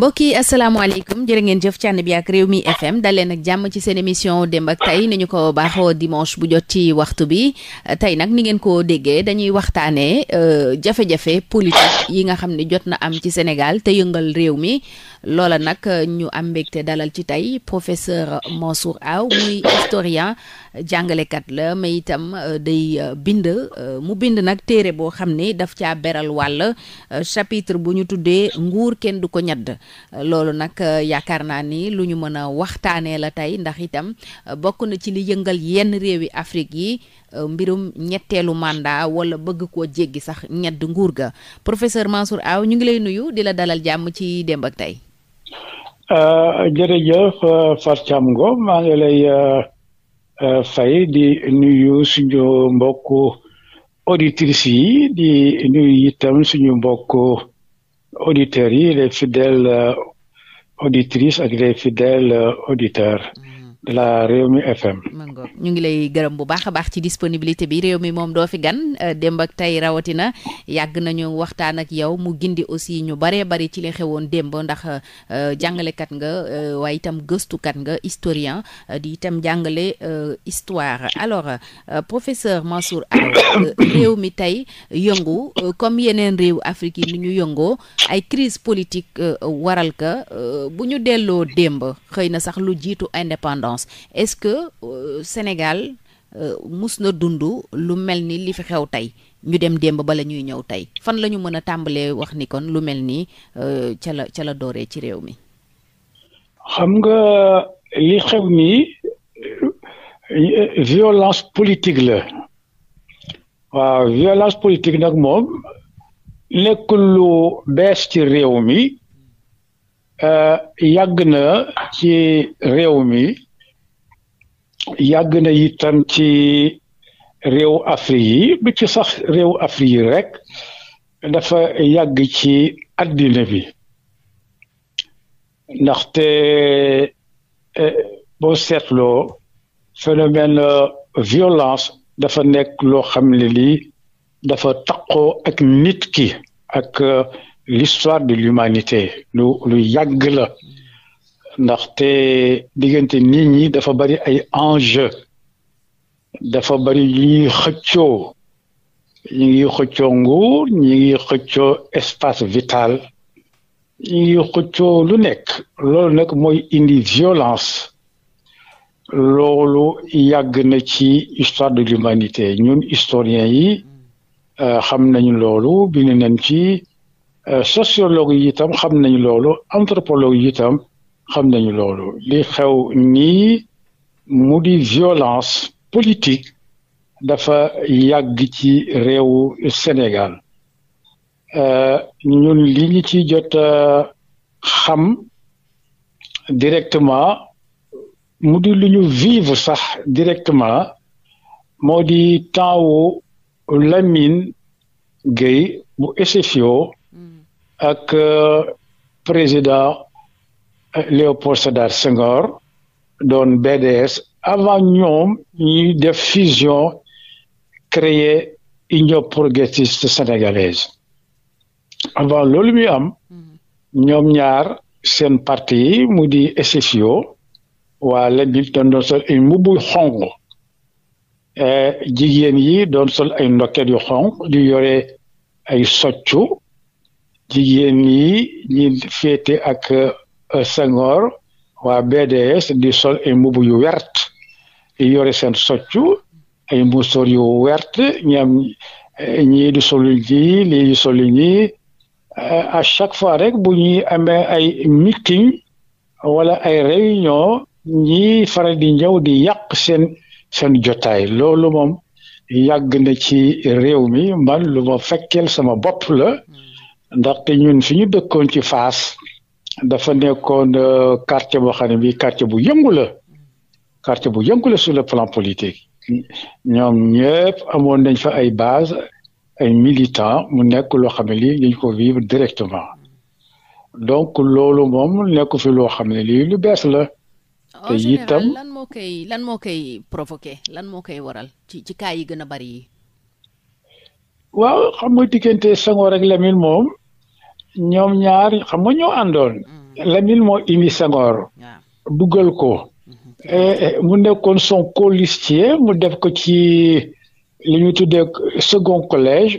mbokk yi asalaamaaleykum jërë ngeen jëf ci bi ak réew mi FM dal leen ak jàmm ci seen émission démb ak tey ni ñu ko baaxoo dimanche bu jot ci waxtu bi tey nag ni ngeen ko déggee dañuy waxtaanee euh, jafe-jafe politique yi nga xam ne jot na am ci Sénégal te yëngal réew mi loola nag ñu am mbégte dalal ci tey professeur Mansour Aw muy historien jàngalekat la mais itam euh, day euh, bind euh, mu bind nag téere boo xam ne daf caa beral wàll euh, chapitre bu ñu tuddee nguur kenn du ko ñadd Euh, loolu nag euh, yaakaar naa ni lu ñu mën a waxtaanee la tey ndax itam euh, bokk na ci li yëngal yenn réewi Afrique yi mbirum ñetteelu mandat wala bëgg ko jéggi sax ñedd nguur ga professeur Mansour Aw ñu ngi lay nuyu di la dalal jàmm ci démb ak tey. jërëjëf Fatou Thiam Ngom maa ngi lay fay di nuyu suñu mbokk auditrices yi di nuyu itam suñu mbokk. auditeurs yi les fidèles euh, auditrice ak les fidèles euh, auditeurs. Mm. de la Rewmi FM. ñu ngi lay gërëm bu baax a baax ci disponibilité bi réew mi moom doo fi gan euh, démb ak tey rawatina yàgg nañu waxtaan ak yow mu gindi aussi ñu baree bari ci li xewoon démb ndax euh, jàngalekat nga euh, waaye itam gëstukat nga historien di itam jàngale histoire alors professeur Mansour Aw réew mi tey yëngu comme yeneen réew Afrique yi ni ñu yëngoo ay crise politique waral ka bu ñu delloo démb xëy na sax lu jiitu indépendant violence est-ce que euh, Sénégal euh, mus na dund lu mel ni li fi xew tey ñu dem démb bala ñuy ñëw tey fan lañu ñu mën a tàmbalee wax ni kon lu mel ni euh, ca la ca la dooree ci réew mi. xam nga li xew nii euh, violence politique la waaw violence politique nag moom nekkul lu bees ci réew mi. yàgg na ci réew mi yàgg na itam ci réew Afrique yi bi ci sax réew Afrique yi rek dafa yàgg ci àddina bi ndaxte eh, boo seetloo phénomène euh, violence dafa nekk loo xam ne lii dafa taqoo ak nit ki ak euh, l'histoire de l'humanité lu lu yàgg la ndaxte diggante nit ñi dafa bari ay enjeu dafa bari ñu ngi xëccoo ñu ngi xëccoo nguur ñu ngi xëccoo espace vital ñu ngi xëccoo lu nekk loolu nag mooy indi violence loolu yàgg na ci histoire de l'humanité ñun historiens yi euh, xam nañ loolu bind nañ ci euh, sociologue yi itam xam nañ loolu anthropologue yi itam xam nañu loolu li xew nii mu di violence politique dafa yàgg ci réewu Sénégal euh, ñun li ci jot xam directement mu di lu ñu vivre sax directement moo di taawu Lamine Gueye bu SFIO mm. ak euh, président Léopold Sédar Senghor doon BDS avant ñoom ñuy def fusion créer Union progressiste sénégalaise avant loolu muy am mm-hmm. ñoom ñaar seen parti yi mu di SFIO wala Leddi doon sol ay mbubu xonq eh, jigéen yi doon sol ay ndokket yu xonq di yore ay soccu jigéen yi ñi féete ak Senghor wa BDS di sol ay mbubb yu wert yore seen soccu ay mbusoor yu wert ñam ñii di solu ñii li di solu ñii à chaque fois rek bu ñuy amee ay meeting wala ay réunion ñii faral di ñëw di yàq seen seen jotaay loolu moom yàgg na ci réew mi man lu ma fekkeel sama bopp la ndaxte ñun fi ñu dëkkoon ci Faas dafa nekkoon euh, quartier boo xam ne bii quartier bu yëngu la quartier bu yëngu la sur le plan politique ñoom ñëpp amoon nañ fa ay base ay militants mu nekk loo xam ne lii dañ ko vivre directement donc loolu moom nekku fi loo xam ne lii lu bees la. te itam lan moo koy lan moo koy provoqué lan moo koy waral ci ci cas yi gën a bari yi. waaw xam nga diggante Senghor ak Lamine moom. ñoom ñaar xam nga ñoo àndoon mm. Lamine moo indi Senghor dugal ko mm-hmm. eh, eh, mu nekkoon son colistier mu def ko ci li ñu tuddee second collège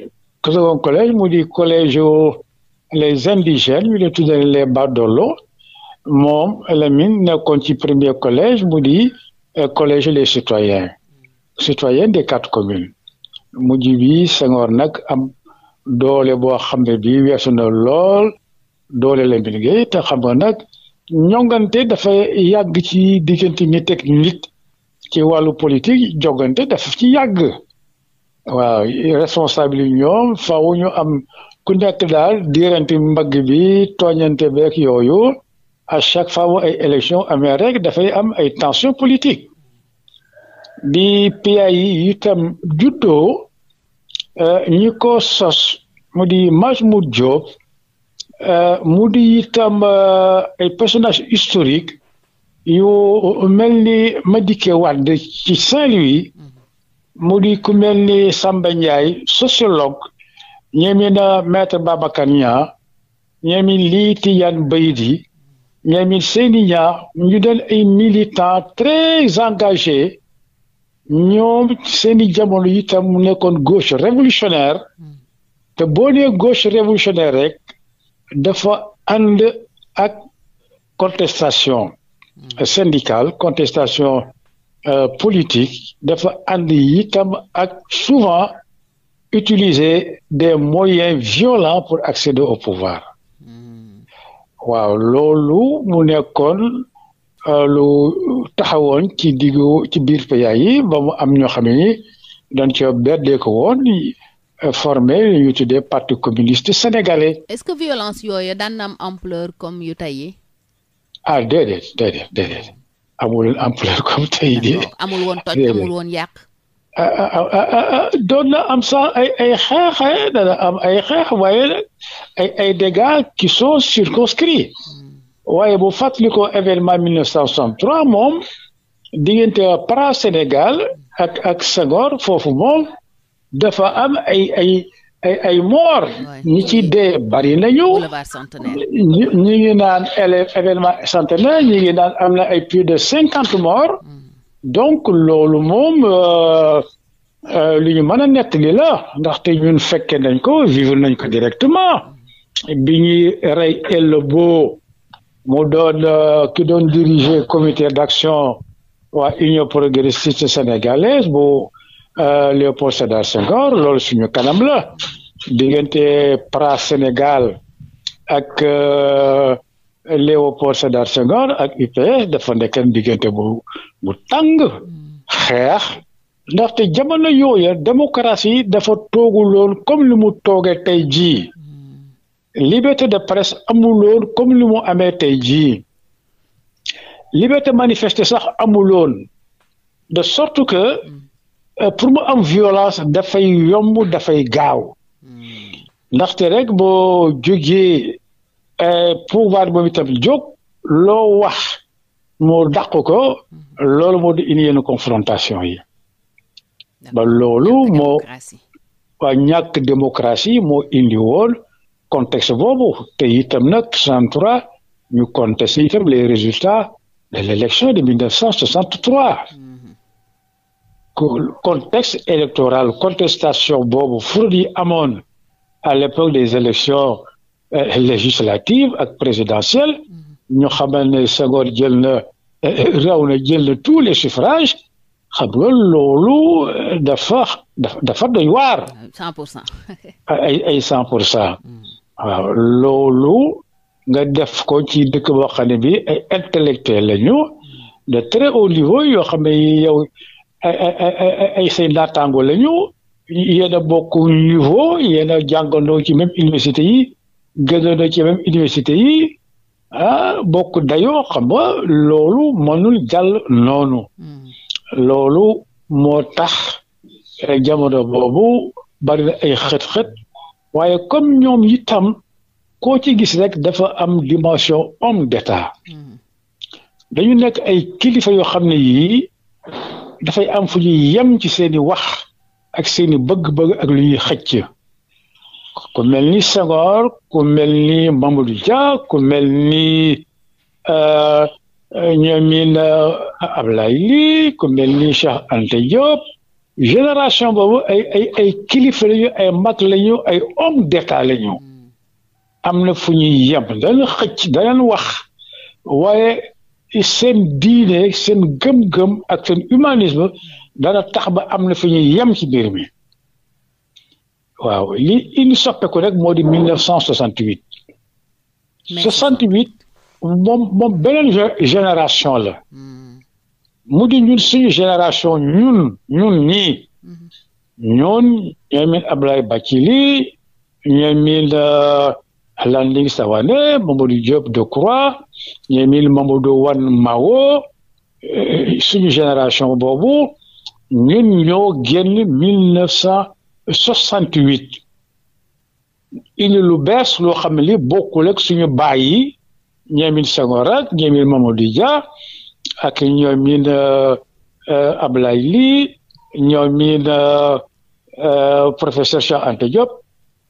second collège mu di collège les indigènes ñu leen tuddee les badolo moom Lamine nekkoon ci premier collège mu di eh, collège les citoyens mm. citoyens des quatre communes mujj bi Senghor nag am doole boo xam ne bii weesu na lool doole la liggéey te xam nga nag ñongante dafa yàgg ci diggante nit ak nit ci wàllu politique jogante dafa ci yàgg waaw responsable yi ñoom faaw ñu am ku nekk daal diirante mbagg bi tooñante beeg yooyu a chaque faw ay élection amee dafay am ay tension politique bi PAI yi itam Eh, ñiko ko sos mu di Majmout Diop eh, mu di itam eh, ay personnage historique yu mel ni Madické Wade ci Saint-Louis mhm. mu di ku mel ni Samba Ndiaye sociologue ñeemi na maître Babacar Niang ñeemi lii Tidiane Baydi ñeemi Seyni Niang ñu doon ay militants très engagés ñoom seeni jamono yitam mu nekkoon gauche révolutionnaire hmm. te boo nee gauche révolutionnaire rek dafa ànd ak contestation hmm. Hmm. syndicale contestation euh, politique dafa ànd itam ak souvent utiliser des moyens violents pour accéder au pouvoir waaw loolu mu Euh, lu taxawoon ci diggu ci biir PEA yi ba mu am ñoo xam ne ni dañ ca beddee ko woon formé yu ñu parti communiste sénégalais. est-ce que violence yooyu daan na am ampleur kom yu tey yi. ah déedéet amul ampleur comme tey de. amul woon toj amul woon yàq. Ah, ah, ah, doon na am sax ay ay xeex eh, dana am ay xeex waaye ay ay qui sont circonscrits. waaye bu fàttalikoo événement 1963 moom diggante pra Sénégal ak ak Senghor foofu moom dafa am ay ay ay ay moor ñi ci dee bari nañu ñu ñu ngi naan élève événement centenaire ñu ngi naan am na ay plus de cinquante morts mm. donc loolu moom euh, euh, lu ñu mën a nettali la ndaxte ñun fekkee nañ ko vivre nañ ko directement bi ñuy rey El mu doon euh, ki doon diriger comité d'action waa union progressiste sénégalaise bu euh, Léopold Sédar Senghor loolu suñu kanam la diggante pra Sénégal ak euh, Léopold Sédar Senghor ak UPS dafa nekk diggante bu bu tàng xeex ndaxte jamono yooya démocratie dafa tooguloon comme li mu toogee tey jii. liberté de presse amuloon comme li mu amee tey jii liberté manifester sax amuloon de sorte que euh, pour mu am violence dafay yomb dafay gaaw ndaxte rek boo jógee euh, pouvoir moom itam jóg loo wax mo dàq ko loolu moo di indi confrontation yi ba loolu moo waa ñàkk démocratie moo indi woon contexte boobu te itam nag 63 ñu contesté itam les résultats de l' élection de 1963 contexte électoral contestation boobu fur yi amoon à l'époque des élections euh, législatives ak présidentielles ñu xamal ne Senghor jël na euh, raw na jël na tous les suffrages xam nga loolu euh, dafa dafa doy waar. 100 cent. pour cent. Mm. waaw loolu nga def ko ci dëkk boo xam ne intellectuel la ñu de très haut niveau yoo xam ne yow ay ay ay say naataango la ñu yéen bokk niveau yéen a jàngandoo ci même université yi gënoon ci même université yi ah bokk dayoo xam loolu mënul jàll noonu hmm. loolu moo tax eh, jamono boobu bari na ay xët-xët. waaye comme ñoom itam koo ci gis rek dafa am dimension homme d'État dañu nekk ay kilifa yoo xam ne yii dafay am fu ñuy yem ci seeni wax ak seeni bëgg-bëgg ak lu ñuy xëcc ku mel ni Senghor ku mel ni Mamadou Dia ku mel ni euh, ñoomin Ablaye Ly ku mel ni Cheikh Anta Diop génération boobu ay ay ay kilifa lañu ay mag lañu ay homme d'état lañu hmm. am na fu ñuy yem danañ xëcc danañ wax waaye seen diine seen gëm-gëm ak seen humanisme dana tax ba am na fu ñuy yem ci mbir mi waaw li indi soppeeku rek moo di mille neuf cent soixante huit soixante huit moom beneen génération la. Hmm. mu di ñun suñu génération ñun ñun nii ñoon mhm. ñoomin Ablaye Bathily ñoomin uh, Landing Savané Mamadou Diop Decroix ñoomin Mamadou Wane Mao eh, suñu génération boobu ñun ñoo génn mille neuf cent soixante huit indi lu bees loo xam ne li bokkul ak suñu baay yi ñoomin Senghor ak ñoomin Mamadou Dia ak ñoomin euh, Ablaye Ly ñoomin euh, professeur Cheikh Anta Diop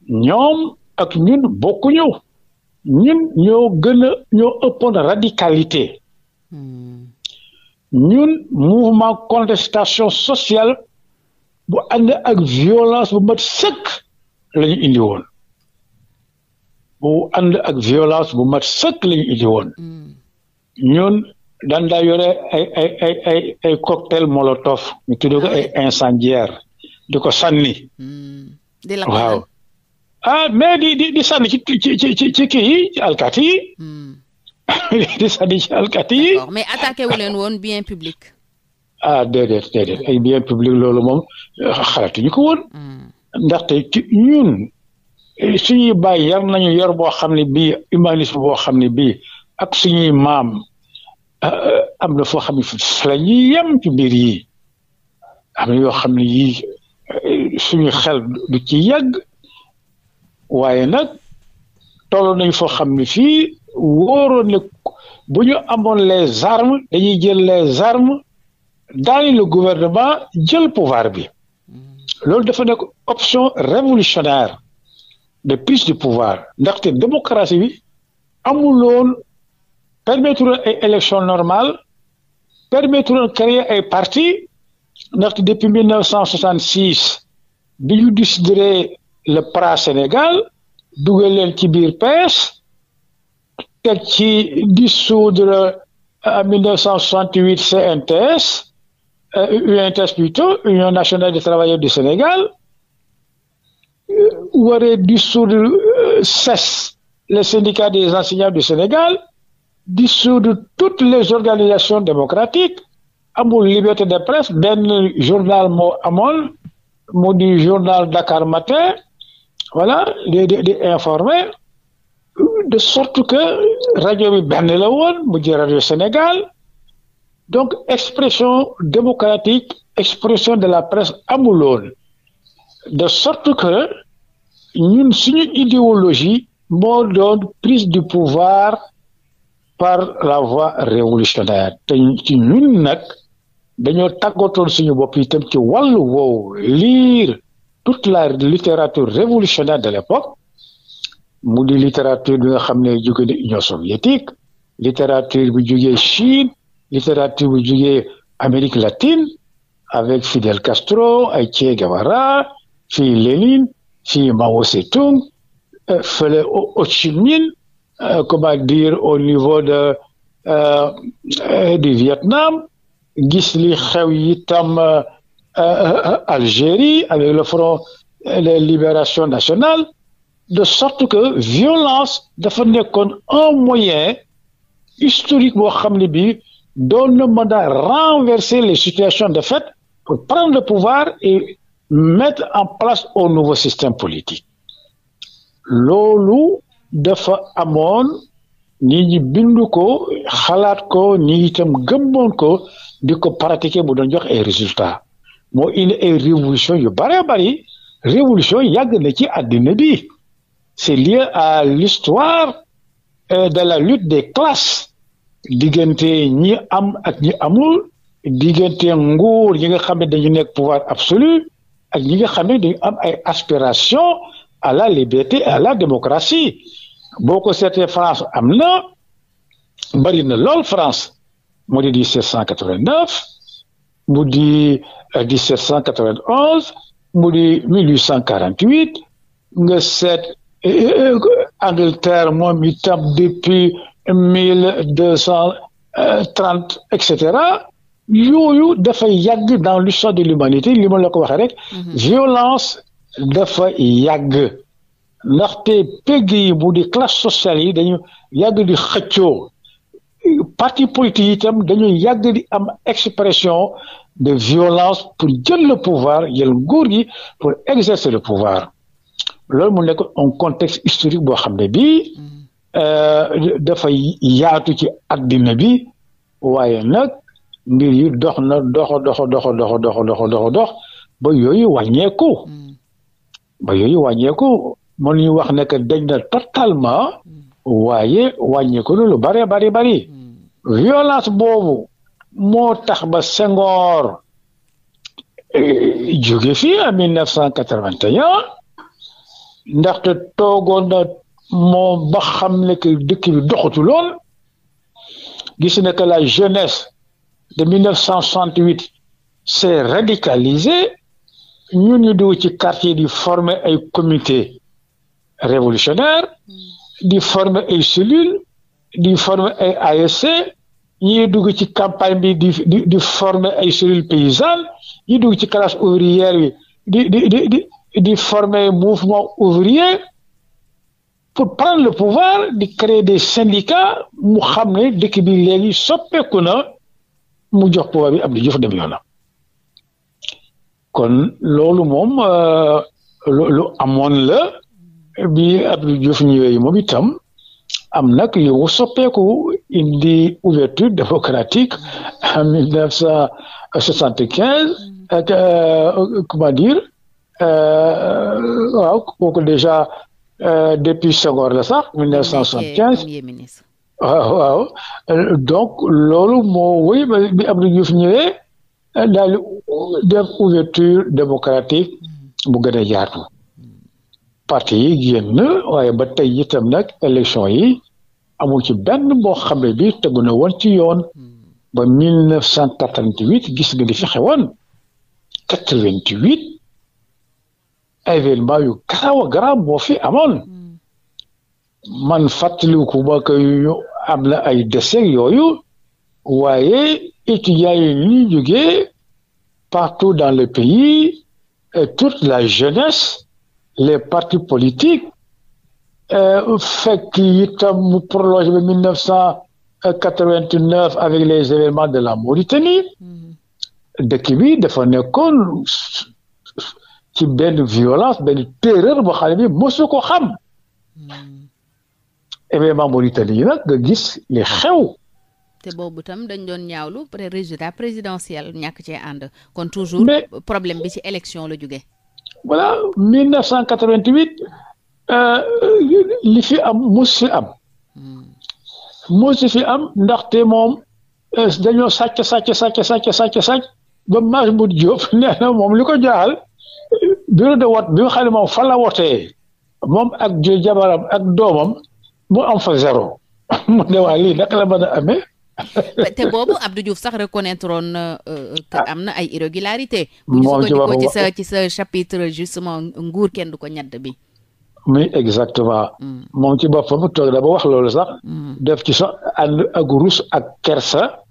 ñoom ak ñun bokkuñu ñun ñoo gën ñoo ëppoon radicalité hmm. ñun mouvement contestation sociale bu ànd ak violence bu mat sëkk la indi woon bu ànd ak violence bu mat sëkk la ñu indi woon hmm. ñun daan daa yore ay ay ay ay ay cocktail molotov ñu tuddee ko ah ay incendiaire di ko sànni hmm. waaw ah mais di di di sànni ci ci ci ci kii ci alkaati yi hmm. di sànni ci alkaati yi mais attaqué leen woon bien public ah déedéet déedéet ay bien public loolu moom xalaatuñu ko woon hmm. ndaxte ci ñun suñuy bàyyi yar nañu yar boo xam ne bi humanisme boo xam ne bii ak suñuy maam Euh, am na foo xam ne fa la ñuy yem ci mbir yi am na yoo xam ne yii euh, suñu xel du ci yàgg waaye nag tolloon nañ foo xam ne fii wóoroon ne bu ñu amoon les armes dañuy jël les armes daani le gouvernement jël pouvoir bi hmm. loolu dafa nekk option révolutionnaire de prise du pouvoir ndaxte démocratie bi amuloon permettre ay élection normale permettre créer ay parti ndaxte depuis 1966 bi ñu décidé le PRA Sénégal dugal leen ci biir PS ci dissoudre en 1968 CNTS UNTS plutôt Union nationale des travailleurs du Sénégal euh, waree dissoudre euh, CES le syndicat des enseignants du Sénégal dissoudre toutes les organisations démocratiques amul liberté de presse benn journal moo amoon mu di journal Dakar Matin voilà de sorte que rajo bi benn la woon mu di rajo Sénégal donc expression démocratique expression de la presse amuloon de sorte que ñun suñu idéologie moo doon prise du pouvoir par la voie révolutionnaire te nag dañoo tàggatoon suñu bopp itam ci wàllu wow lire toute la littérature révolutionnaire de l'époque mu di littérature bi nga xam ne jóge na Union soviétique littérature bi jógee Chine littérature bi jógee Amérique latine avec Fidel Castro ay Che Guevara fii Lénine fii Mao Tse-tung euh, fële Ho Chi Minh comment dire au niveau de du Vietnam gis li xew yi tam eh, eh, eh, Algérie avec le Front de libération nationale de sorte que violence dafa nekkoon un moyen historique boo xam ne bii doon na mën renverser les situations de fait pour prendre le pouvoir et mettre en place un nouveau système politique loolu dafa amoon nit ñi bindu ko xalaat ko ñi itam gëmmoon ko di ko pratiquer bu doon jox ay résultats moo indi ay révolution yu bëree bëri révolution yàgg na ci àddina bi c'est lié à l'histoire euh, de la lutte des classes diggante ñi am ak ñi amul diggante nguur ñi nga xam ne dañu nekk pouvoir absolu ak ñi nga xam ne dañu am ay aspirations à la liberté et la démocratie boo ko seetee France am na bëri na lool France mu di 1789 mu di 1791 euh, mu di 1848 nga seet euh, Angleterre moom itam depuis mille deux cent trente et cetera yooyu dafa yàgg dans l'histoire de l'humanité li ma la ko waxee rek mm-hmm. violence dafa yàgg ndaxte PGI bu di classe sociale yi dañu yàgg di xëccoo parti politique yi tam dañu yàgg di am expression de violence pour jël le pouvoir jël nguur gi pour exercer le pouvoir loolu mu nekk un contexte historique boo xam ne bi mm-hmm. euh, dafa yaatu ci addina bi waaye nag mbir yi dox na dox dox dox dox dox dox dox dox ba yooyu wàññeeku mm-hmm. ba yooyu wàññeeku mën ñu wax ne que dañ na totalement hmm. waye wàññeeku na lu bari bari bari hmm. violence boobu moo tax ba sengoor eh, jóge fi en mille neuf ndaxte toogoon na moom ba xam ne que dëkk bi doxatu lool gis na que la jeunesse de mille neuf radicalisée ñun ñu diw ci quartier di former ay comité révolutionnaire hmm. di former ay cellule di former ay ASC ñii dugg ci campagne bi di di former ay cellule paysanne ñii dugg ci classe ouvrière bi di di di di former mouvement ouvrier pour prendre le pouvoir di créer des syndicats mu xam ne dëkk bi léegi soppeeku na mu jox pouvoir bi Abdou Diouf dem yoonam kon loolu moom euh, lu amoon la bi Abdou Diouf ñëwee moom itam am nag li mu soppeeku indi ouverture démocratique en mille neuf cent soixante quinze ak euh, comment dire euh, waaw kooku déjà euh, depuis Senghor la sax donc loolu moo wéy bi Abdou Diouf ñëwee daal def ouverture démocratique bu gën yaatu parti yi génn waaye ba tey itam nag élection yi amul ci benn boo xam ne bi tegu na woon ci yoon hmm. ba 1988 gis nga li fi xewoon 88 événement yu garaaw a garaaw moo fi amoon hmm. man fàttaliku ba koy am na ay décès yooyu waaye étudiants yi ñuy jógee partout dans le pays et toute la jeunesse les partis politiques fekk itam mu prolongé ba 1989 avec les événements de la Mauritanie mm-hmm. dëkk bi dafa nekkoon ci benn violence benn terreur boo xam ne bi mosu ko xam mm-hmm. événement Mauritanie yi nag nga gis li xew. te boobu tam dañ doon ñaawlu résultat présidentiel ñàkk cee ànd. kon toujours problème bi ci élection la jóge voilà 1988 euh, li fi am mus fi am hmm. mus fi am ndaxte moom euh, dañoo sàcc sàcc sàcc sàcc sàcc sàcc ba Majmout Diop nee na moom li ko jaaxal bureau de vote bi nga xam ne moom fa la moom ak jabaram ak doomam mu am fa zéro mu ne waa lii naka la a amee te boobu Abdou Diouf sax reconnaître woon na euh, que ah. am na ay irrégularité bu ñu ci sa ci sa chapitre justement nguur kenn du ko ñadd bi muy exactement mm. moom ci boppam toog da ba wax loolu sax mm. def ci sax ànd ak rus ak kersa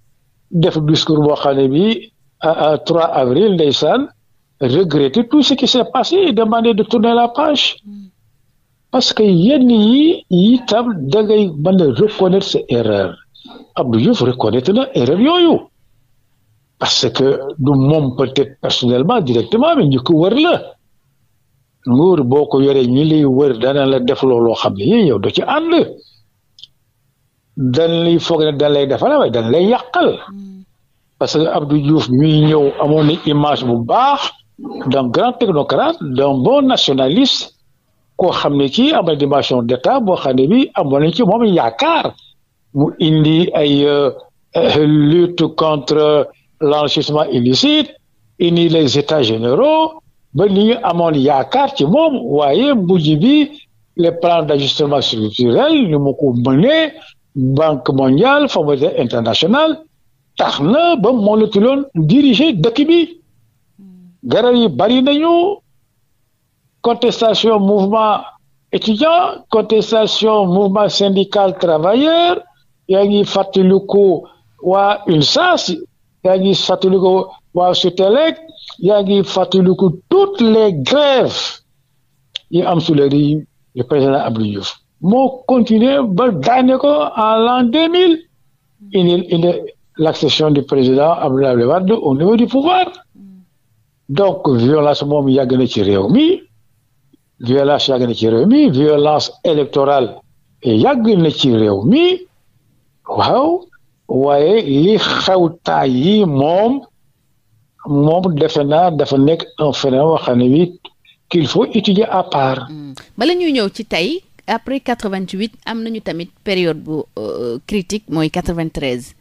def discours boo xam ne bi à 3 avril ndeysaan regretter tout ce qui s'est passé et de tourner page mm. parce que yenn yi itam da ngay mën a reconnaître Abdou ah, Diouf reconnaître na erreur yooyu parce que du moom peut-être personnellement directement mais ñu ko wër la nguur boo ko yoree ñu lay wër dana la def looloo xam ne yii yow do ci ànd dan lay foog ne dan lay defal waaye dan lay yàqal hmm. parce que abdu Diouf mi ñëw amoon na image bu baax d'un grand technocrate d'un bon nationaliste koo xam ne kii am na dimension d'état boo xam ne bi amoon nañ ci moom yaakaar mu indi ay euh, euh, lutte contre l'enrichissement illicite indi les états généraux ba ni amoon yaakaar ci moom waaye mujj bi les plans d'ajustement structurel ni mu ko banque mondiale FMI internationale tax na ba moo la tuloon diriger dëkk bi garab yi bari nañu contestation mouvement étudiant contestation mouvement syndical travailleur yaa ngi fàttaliku waa ULSAS yaa ngi fàttaliku waa SUTELEC yaa ngi fàttaliku toutes les grèves yi am sous le régime du président Abdou Diouf moo continuer ba daane ko en l'an deux mille indi indi l'accession du président Abdoulaye Wade au niveau du pouvoir donc violence moom yàgg na ci réew mi violence yàgg na ci réew mi violence électorale yàgg ci réew mi waaw waaye li xew yi moom moom defe naa dafa nekk un phénomène wax ne qu'il faut étudier à part. Hmm. bala ñuy ñëw ci tey après 88 am nañu tamit période bu euh, critique mooy 93.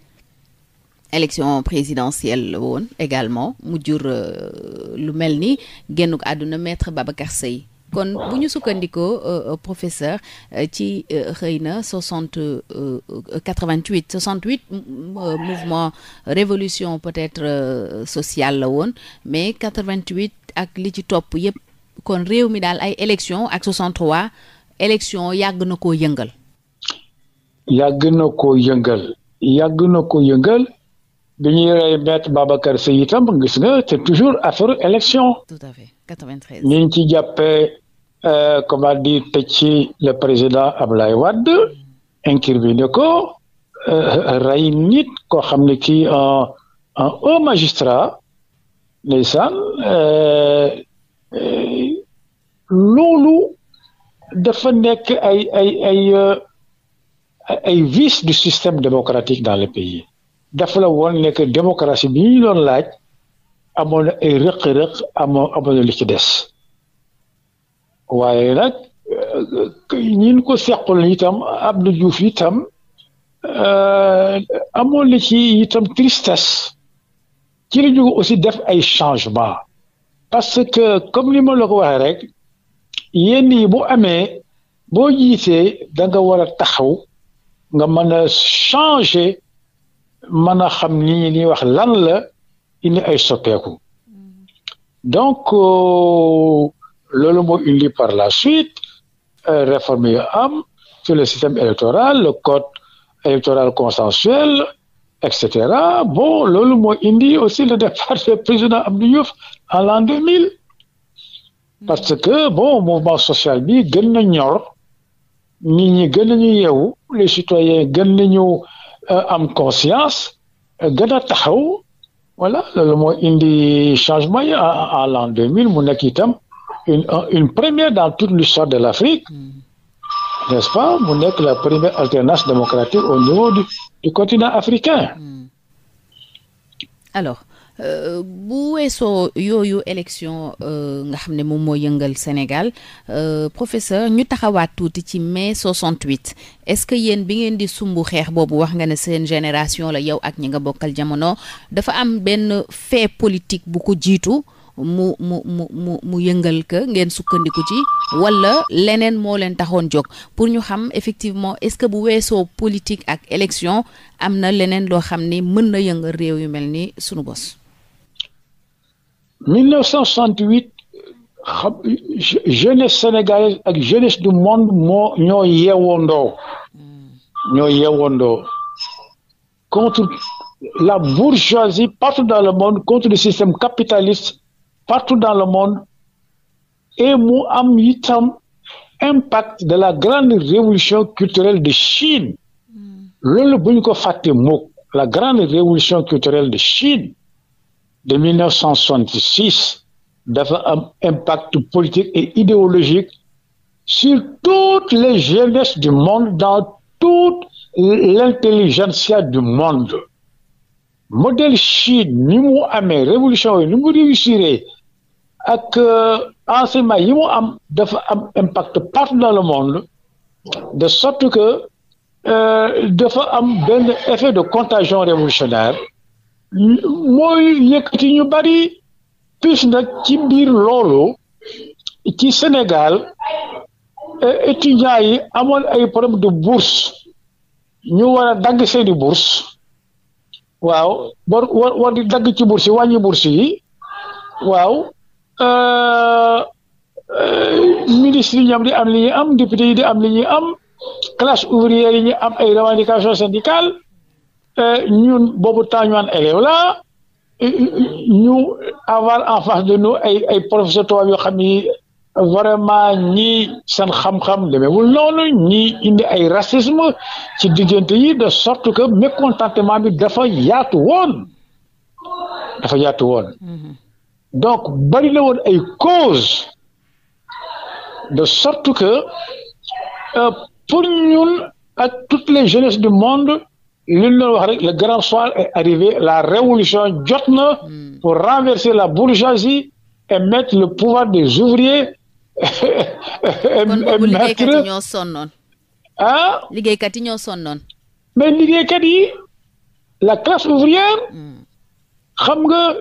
élection présidentielle woon également mu jur euh, lu mel ni génnuk àdduna maître Babacar Seye kon bu ñu sukkandikoo euh, euh, professeur euh, ci xëy na soixante quatre-vingt-huit soixante-huit mouvement révolution peut-être sociale la woon mais quatre-vingt-huit ak li ci topp yépp kon réew mi daal ay élection ak 63 élection yàgg na ko yëngal yàgg na koo yëngal yàgg na ko yëngal bi ñuy rey maître Babacar Sèye itam gis nga c'est toujours affaire élection tout à fait 93 ci jàppee euh, comment dire tëj ci le président Ablaye Wade incriminé ko euh, rey nit koo xam ne kii un un haut magistrat ndeysaan euh, euh, loolu dafa nekk ay ay ay ay vices du système démocratique dans le pays dafa la woon nekk démocratie bi doon laaj amoon na ay rëq-rëq amoon amoon na li ci des waaye nag euh, ñin ko seqal itam Abdou Diouf itam euh, amoon na ci itam tristesse ci la ñu aussi def ay changement parce que comme ni ma la ko waxee rek yenn yi bu amee boo jiitee da nga war a taxaw nga mën a changer mën a xam ni ñuy wax lan la indi ay soppeeku mm-hmm. donc. Euh, loolu moo indi par la suite euh, réforme yu am sur le système électoral le code électoral consensuel et cetera bon loolu moo indi aussi le départ du président Abdou Diouf en l'an 2000 parce que bon mouvement social bi gën na ñor nit ñi gën nañu yeewu les citoyens gën nañu euh, am conscience gën a taxaw voilà loolu moo indi changement yi en l'an 2000 mu nekk itam une, une première dans toute l'histoire de l'Afrique, mm. n'est-ce pas Mu nekk la première alternance démocratique au niveau du, continent africain. Mm. alors euh, bu weesoo yooyu élection euh, nga xam ne moom moo yëngal Sénégal euh, professeur ñu taxawaat tuuti ci mai 68 est-ce que yéen bi ngeen di sumbu xeex boobu wax nga ne seen génération la yow ak ñi nga bokkal jamono dafa am benn fait politique bu ko jiitu. mu mu mu mu mu yëngal ka ngeen sukkandiku ci wala leneen moo leen taxoon jóg pour ñu xam effectivement est-ce que bu weesoo politique ak élection am na leneen loo xam ni mën na yëngal réew yu mel ni sunu bos. 1968 xam jeunesse ak jeunesse du monde moo ñoo yeewandoo hmm. ñoo yeewandoo contre la bourgeoisie partout dans le monde et mu am itam de la grande révolution culturelle de Chine hmm. loolu bu ko fàtte mukk la grande révolution culturelle de Chine de 1966 dafa am impact politique et idéologique sur toutes les jeunesses du monde dans toute l'intelligentsia du ni mu amee révolution yi ni mu réussiree ak euh, enseignement yi mu am dafa am impact partout dans le monde de sorte que euh, dafa am benn effet de contagion révolutionnaire mooy yëkkati ñu bari plus nag ci biir loolu ci Sénégal euh, étudiants yi amoon ay problème de bourse ñu war a dagg seeni bourse waaw war war di dagg ci bourse yi wàññi bourse yi waaw Euh, euh, ministre yi ñoom di am li ñuy am député yi di am li ñuy am classe ouvrière yi ñu am ay revendications syndicales euh, ñun boobu temps ñu naan élève la ñu avoir en face de nous ay ay professeurs tubaab yoo xam ni vraiment ñi seen xam-xam demeewul noonu ñii indi ay racisme ci diggante yi de sorte que mécontentement bi dafa yaatu woon dafa yaatu woon. Mm-hmm. donc bari na woon ay cause de sorte que euh, pour ñun ak toutes les jeunesses du monde li ñu le grand soir est arrivé la révolution jot na hmm. pour renverser la bourgeoisie et mettre le pouvoir des ouvriers et mettre ñoo sonnoon ah liggéeykat yi ñoo mais liggéeykat yi la classe ouvrière hmm. xam nga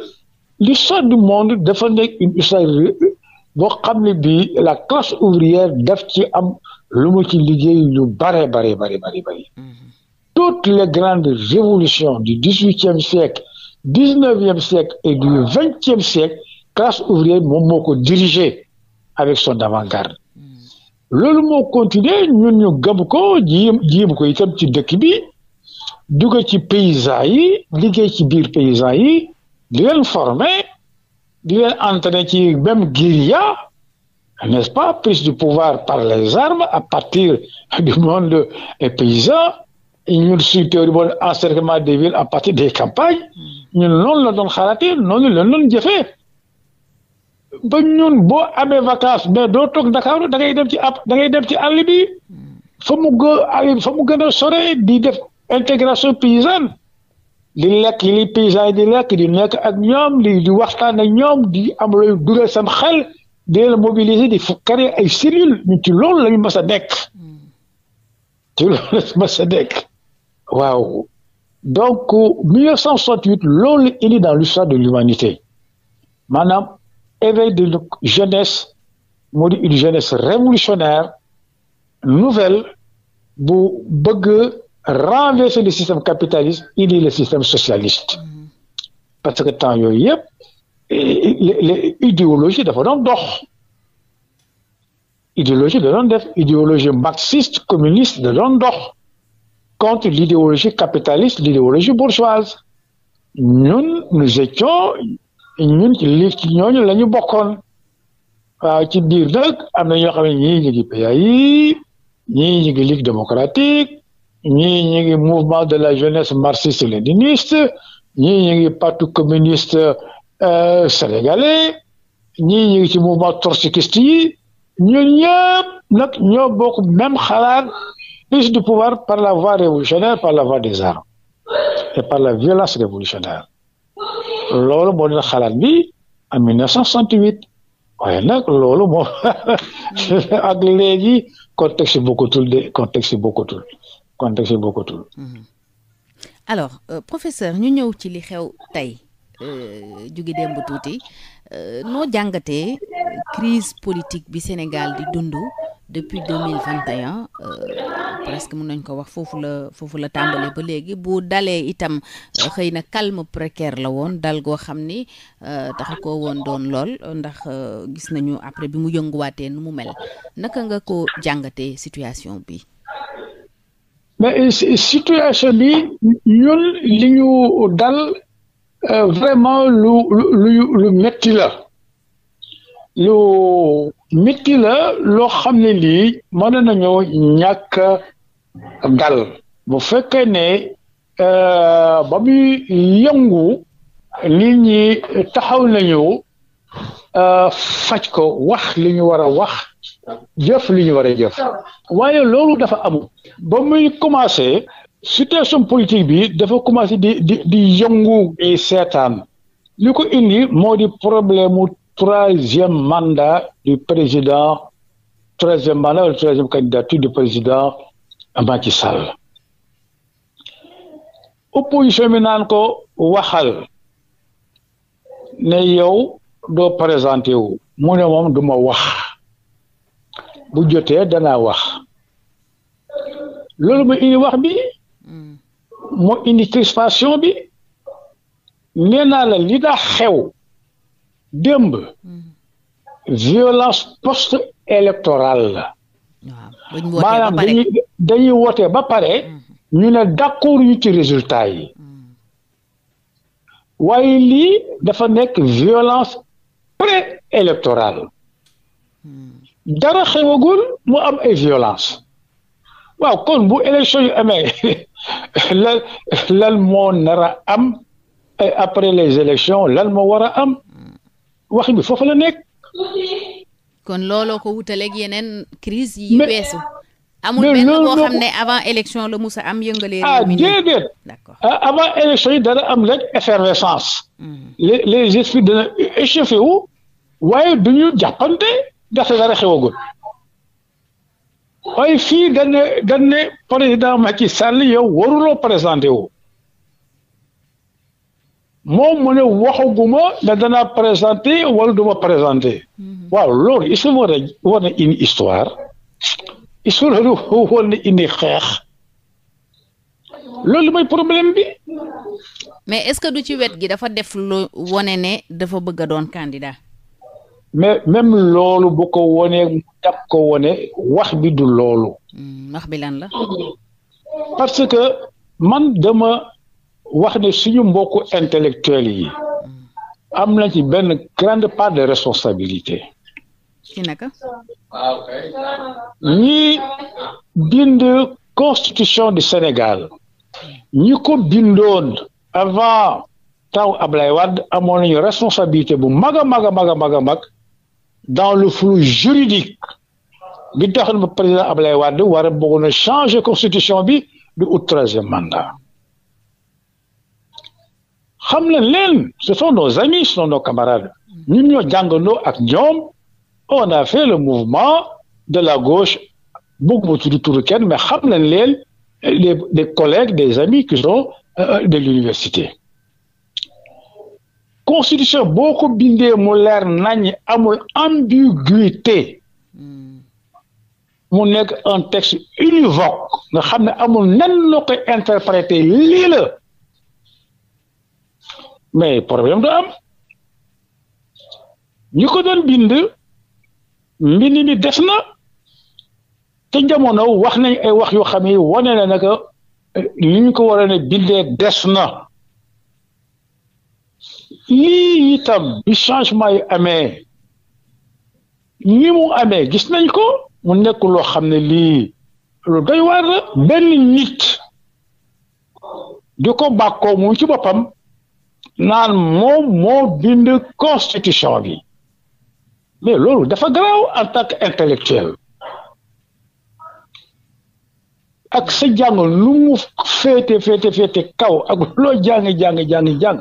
l'histoire du monde dafa nekk une histoire boo xam ne bii la classe ouvrière daf ci am lu mu ci liggéey lu bare bare bare bare bare toutes les grandes révolutions du dix-huitième siècle dix-neuvième siècle et du vingtième siècle classe ouvrière moom moo ko dirigé avec son avant-garde loolu moo continuer ñun ñu gëm ko ji ko itam ci dëkk bi dugg ci paysan yi liggéey ci biir paysans yi di leen former di leen entraîner ci même guérilla n'est-ce pas prise du pouvoir par les armes à partir du monde des paysans ñun suñu théorie boobu encerclement des villes à partir des campagnes ñun noonu la doon xalaatee noonu la doon jëfee ba ñun boo amee vacance mais doo toog Dakar da ngay dem ci ab da ngay dem ci àll fa mu gë fa mu gën a sore di def intégration paysanne lekk li li paysans yi di lekk di nekk ak ñoom di waxtaan ak ñoom di am looy dugal seen xel di leen mobiliser di créer ay cellules ñu ci loolu la ñu mës a nekk hmm. ci loolu la ñu mës a nekk waaw donc 1968 loolu indi dans l'histoire de l'humanité maanaam éveil de jeunesse moo di jeunesse révolutionnaire nouvelle bu bëgg renverser le système capitaliste il est le système socialiste mm-hmm. parce que temps yooyu yëpp les idéologie dafa doon dox idéologie da doon def idéologie marxiste communiste da doon dox contre l'idéologie capitaliste l'idéologie bourgeoise ñun nous étions ñun ci li ci ñooñu la ñu bokkoon waaw ci biir nag am na ñoo xam ne ñii ñu ngi PAI ñii ñu ngi Ligue démocratique ñii ñu ngi mouvement de la jeunesse marxiste léniniste ñii ñu ngi parti communiste euh, sénégalais ñii ñu ngi ci mouvement trotskiste yi ñun ñëpp nag ñoo bokk même xalaat prise du pouvoir par la voie révolutionnaire par la voie des armes et par la violence révolutionnaire loolu moo doon xalaat bi en 1968 waaye nag loolu moom ak léegi contexte bokkatul de contexte bokkatul contexte yi bokkatul. Mm-hmm. alors euh, professeur ñu ñëw ci li xew tey euh, jugi dem démb tuuti euh, noo jàngatee euh, crise politique bi Sénégal di dund depuis deux mille vingt et un presque mun nañ ko wax foofu la foofu la tàmbalee ba léegi bu dalee itam xëy na calme précaire la woon dal goo xam ni taxu ko woon doon lool ndax gis nañu après bi mu yënguwaatee nu mu mel naka nga ko jàngate situation bi. mais situation bi ñun liñu dal euh, vraiment lu lu lu métti la lu métti la loo xam ne lii mën nañoo ñàkk dal bu fekkee ne euh, ba muy yëngu nit ñi taxaw nañu euh, faj ko wax li ñu war a wax. jëf li ñu war jëf waaye loolu dafa amul ba muy commencé situation politique bi dafa commencé di di di yëngu seetaan li ko indi moo di problème mu troisième mandat du président troisième mandat wala troisième candidature du président Macky Sall opposition bi naan ko waxal ne yow doo présenté mu ne moom du wax bu jotee danaa wax loolu mooy indi wax bi moo indi crispation bi nee naa la li daa xew démb violence post électorale la maanaam dañuy dañuy woote ba pare ñu ne d'accord ñu ci résultat yi waaye lii dafa nekk violence pré électorale dara xewagul mu am ay violence waaw kon bu élection yu amee lan lan moo nar a am après les élections lan moo war a am wax bi foofu la nekk. kon loo looloo ko wutaleeg yeneen crise yi weesu. amul benn boo xam ne avant élection la Moussa am yëngalee. ah déedéet ah, avant élection yi am rek effervescence hmm. les les esprits dana échauffé wu waaye du ñu jàppante. ndaxte dara xewagul waaye fii dañ ne dañ ne président Macky Sall yow waruloo présenté wu moom mu ne waxaguma ne danaa présenté wala duma présenté mm-hmm. waaw loolu il se war a war na indi histoire il se war na indi xeex loolu mooy problème bi. mais est-ce que du ci wet gi dafa def lu wone ne dafa bëgg a doon candidat. mais même loolu bu ko wonee mu ko wone wax bi du loolu. Hmm, wax bi la. parce que man dama wax ne suñu mbokku intellectuels yi hmm. am na ci benn grande part de responsabilité. ci naka. Ah, ñi bind constitution du Sénégal ñi ko bindoon avant taw Ablaye Wade amoon nañu responsabilité bu mag a mag a mag a mag a mag dans le flou juridique bi taxoon ba président Ablaye Wade war a bëggoon a changer constitution bi du ut troisième mandat xam na leen ce sont nos amis ce nos camarades ñun ñoo jàngandoo ak ñoom on a fait le mouvement de la gauche bëgguma tudd turu kenn mais xam nañ leen les des collègues des amis qui sont euh, euh, de l'université constitution boo ko bindee mu leer nañ amul ambiguïté hmm. mu nekk un texte univoque nga xam ne amul nan la koy interprété lii mais problème du am ñu ko doon bind mbind mi des na te jamono wax nañ ay wax yoo xam ne wane na naka eh, ñu ko waroon a bindee des na lii itam bi changement yi amee ni mu amee gis nañ ko mu nekk loo xam ne lii lu doy waar benn nit di ko bàkkoo moom ci boppam naan moom moo bind constitution bi mais loolu dafa garaaw en tant que intellectuel ak sa jàng lu mu féete féete féete kaw ak loo jàng jàng jàng jàng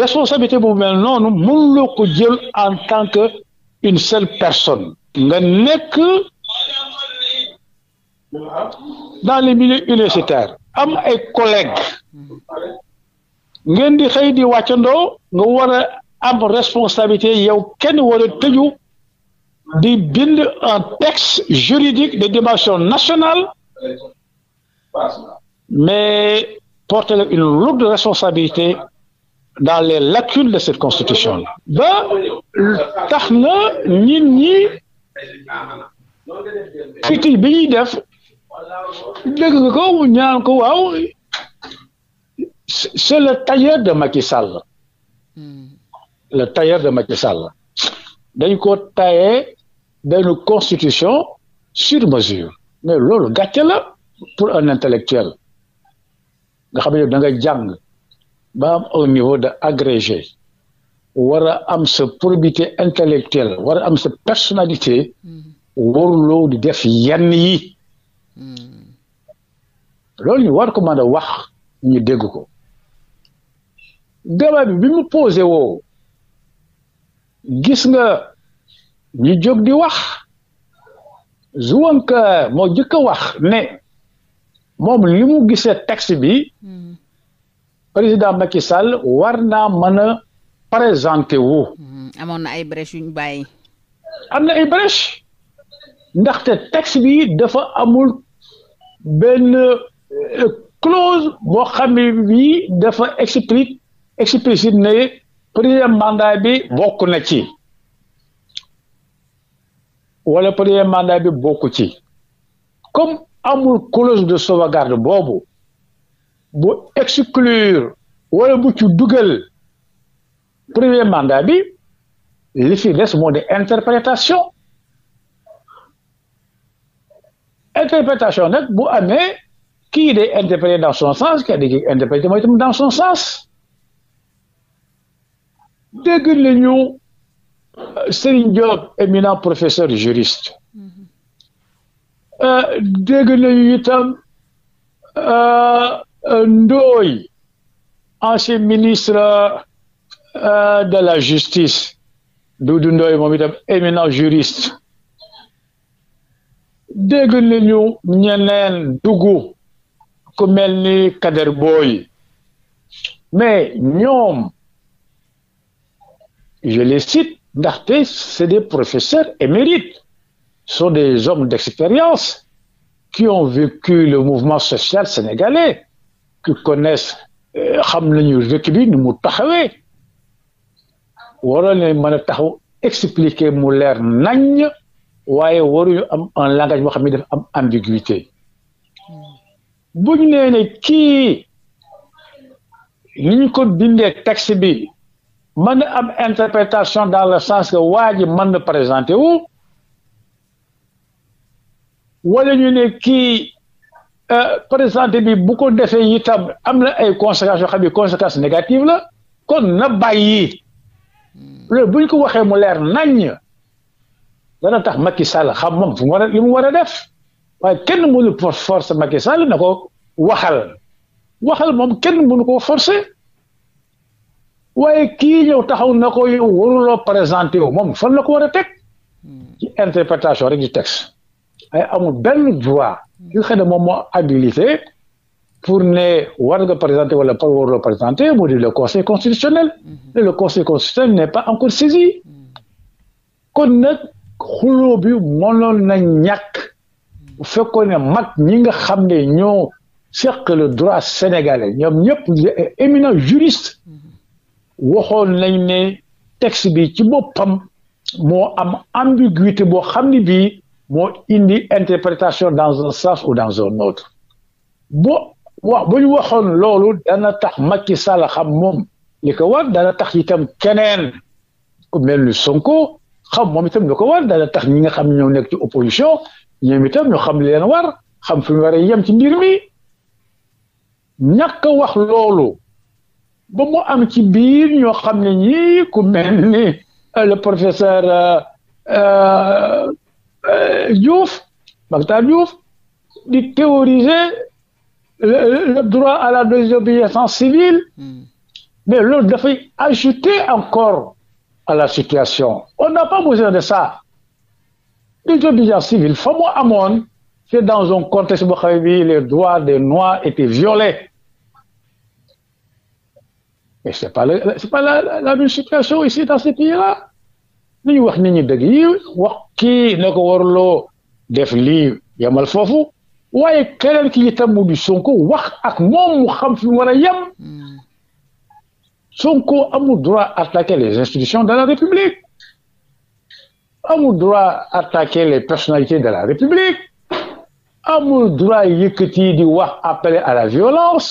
responsabilité bu mel noonu mënuloo ko jël en tant que une seule personne nga nekk dans les milieux universitaires am ay collègues ngeen di xëy di wàccandoo nga war a am responsabilité yow kenn war a di bind un texte juridique de dimension nationale mais porter une lourde responsabilité dans les lacunes de cette constitution là ba tax na nit ñi critique bi ñuy def dégg nga ko c'est le tailleur de Macky Sall hmm. le tailleur de Macky Sall dañ ko taillé benn constitution sur mesure mais loolu gàcce la pour un intellectuel nga xam ne da nga jàng ba am au niveau de agrégé war a am sa probité intellectuelle war a am sa personnalité mm-hmm. waruloo di def yen yi mm-hmm. loolu ñu war ko mën a ñu dégg ko débat bi mu posé woo gis nga ñu jóg di wax Zouanka moo jëkk a wax moom li mu gisee texte bi hmm. président Macky Sall war naa mën a présenté wu. Hmm. amoon na ay brèche yu ñu bàyyi. am na ay brèche ndaxte texte bi dafa amul benn euh, clause boo xam ne bi dafa explicite explicite ne mandat bi bokk na ci wala premier mandat bi bokk ci comme amul clause de sauvegarde boobu bu exclure wala bu ci dugal premier mandat bi li fi des moo de interprétation interprétation nag bu amee kii de interprété dans son sens kii day interprété mooy itam dans son sens dégg nañu euh, Serigne Diop éminent professeur juriste Euh, dégg nañu itam euh, Ndoye ancien ministre euh, de la justice Doudou Ndoye moom itam éminent juriste dégg nañu ñeneen dugg ku mel ni Kader Boye mais ñoom je les cite ndaxte c'est des professeurs émérites sont des hommes d'expérience qui ont vécu le mouvement social sénégalais, qui connaissent euh, xam nañu dëkk bi nu mu taxawee waroon nañ mën a taxaw expliquer mu leer nañ waaye waruñu am un langage boo xam ne dafa am ambiguïté buñ nee ne kii ni ñu ko bindee texte bi mën na am interprétation dans le sens que waa ji mën na présenter wu wala ñu ne kii euh, présenté bi bu ko defee itam am na ay conséquences yoo xam ne conséquences négatives la kon na bàyyi loolu bu ñu ko waxee mu leer naññ dana tax Macky Sall xam moom fu mu war a li mu war a def waaye kenn mënu force Macky Sall na ko waxal waxal moom kenn mënu ko forcer waaye kii ñëw taxaw na ko yow waruloo présenté wu moom fan la ko war a teg hmm. ci interprétation rek du texte ay amul benn droit ki nga xam ne moom moo habilité pour ne war nga présenter wala par war nga présenter moo di le conseil constitutionnel et mhm. le conseil constitutionnel n'est pas encore saisi mhm. kon nag xuloo bi mënoon na ñàkk mhm. fekkoon ne mag ñi nga xam ne ñoo seq le droit sénégalais ñoom ñëpp éminent juriste waxoon nañ ne texte bi ci boppam moo am ambiguïté boo xam ne bii moo indi interprétation dans un sens ou dans un autre bo wa bu ñu waxoon loolu dana tax Macky Sall xam moom li ko war dana tax itam keneen ku mel ni Sonko xam moom itam li ko war dana tax ñi nga xam ñoo nekk ci opposition ñoom itam ñu xam li leen war xam fi mu war a yem ci mbir mi ñàkk a wax loolu ba mu am ci biir ñoo xam ne ñii ku mel ni euh, le professeur. Euh, euh, Euh, Diouf Makhtar Diouf di théoriser le, le droit à la désobéissance civile mm. mais loolu dafay ajouter encore à la situation on n'a pas besoin de ça désobéissance civile fa mu amoon c'est dans un contexte boo xam ne bi les droits des noirs étaient violés mais c'est pas le, c'est pas la, la, la même situation ici dans ce pays-là nañu wax nit ñi dëgg yi wax kii ne ko waruloo def lii yemal foofu waaye keneen ki itam mu di Sonko wax ak moom mu xam fi mu war a yem hmm. Sonko amul droit attaquer les institutions de la République amul droit attaquer les personnalités de la République amul droit yëkkati di wax appeler à la violence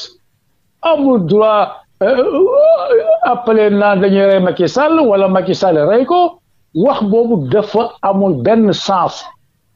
amul droit euh, euh, euh, appeler naan dañuy rey Macky Sall wala Macky Sall rey ko wax boobu dafa amul benn sens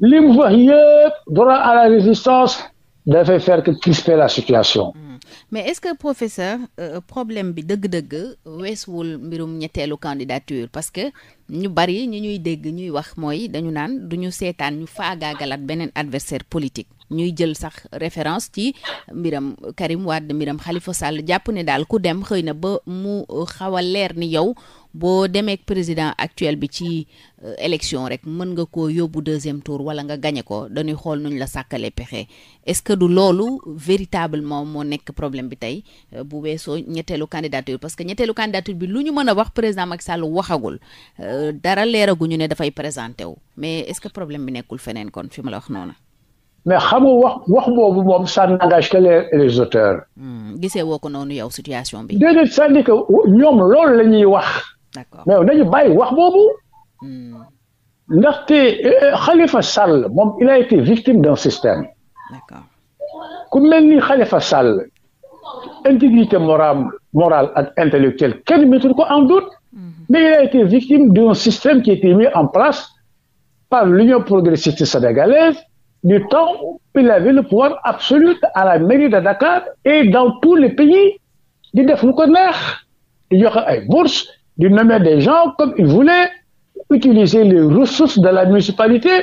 li mu wax yëpp droit à la résistance dafay faire que crisper la situation. Hmm. mais est-ce que professeur euh, problème bi dëgg-dëgg weesuwul mbirum ñetteelu candidature parce que ñu bari ñu ñuy dégg ñuy wax mooy dañu naan du ñu seetaan ñu faagaagalat beneen adversaire politique ñuy jël sax référence ci mbiram Karim Wade mbiram xalifa sàll jàpp ne daal ku dem xëy na ba mu xaw a leer ni yow boo demee président actuel bi ci euh, élection rek mën nga koo yóbbu deuxième tour wala nga gañe ko dañuy xool nuñ la sàkkale pexe est-ce que du loolu véritablement moo nekk problème bi tey euh, bu weesoo ñetteelu candidature parce que ñetteelu candidature bi lu ñu mën a wax président Macky Sall waxagul euh, dara leeraguñu ne dafay présenté wu mais est-ce que problème bi nekkul feneen kon la wax noonu. mais xam nga wax wax boobu moom ça n'engage que les auteurs. Hmm, gisee woo ko noonu yow situation bi. déedéet c'est-à-dire que ñoom loolu la ñuy wax. d'accord mais nañu wax boobu. Hmm. ndaxte euh, euh, Khalifa Sall moom il a été victime d'un système. d'accord ku mel ni Khalifa Sall intégrité morale ak intellectuelle kenn mettre ko en doute. Hmm. mais il a été victime d'un système qui a mis en place par l'Union progressiste sénégalaise. du temps qu'il avait le pouvoir absolu à la mairie de Dakar et dans tous les pays di def lu ko neex di joxe ay bourses di nommer des gens comme il voulait utiliser les ressources de la municipalité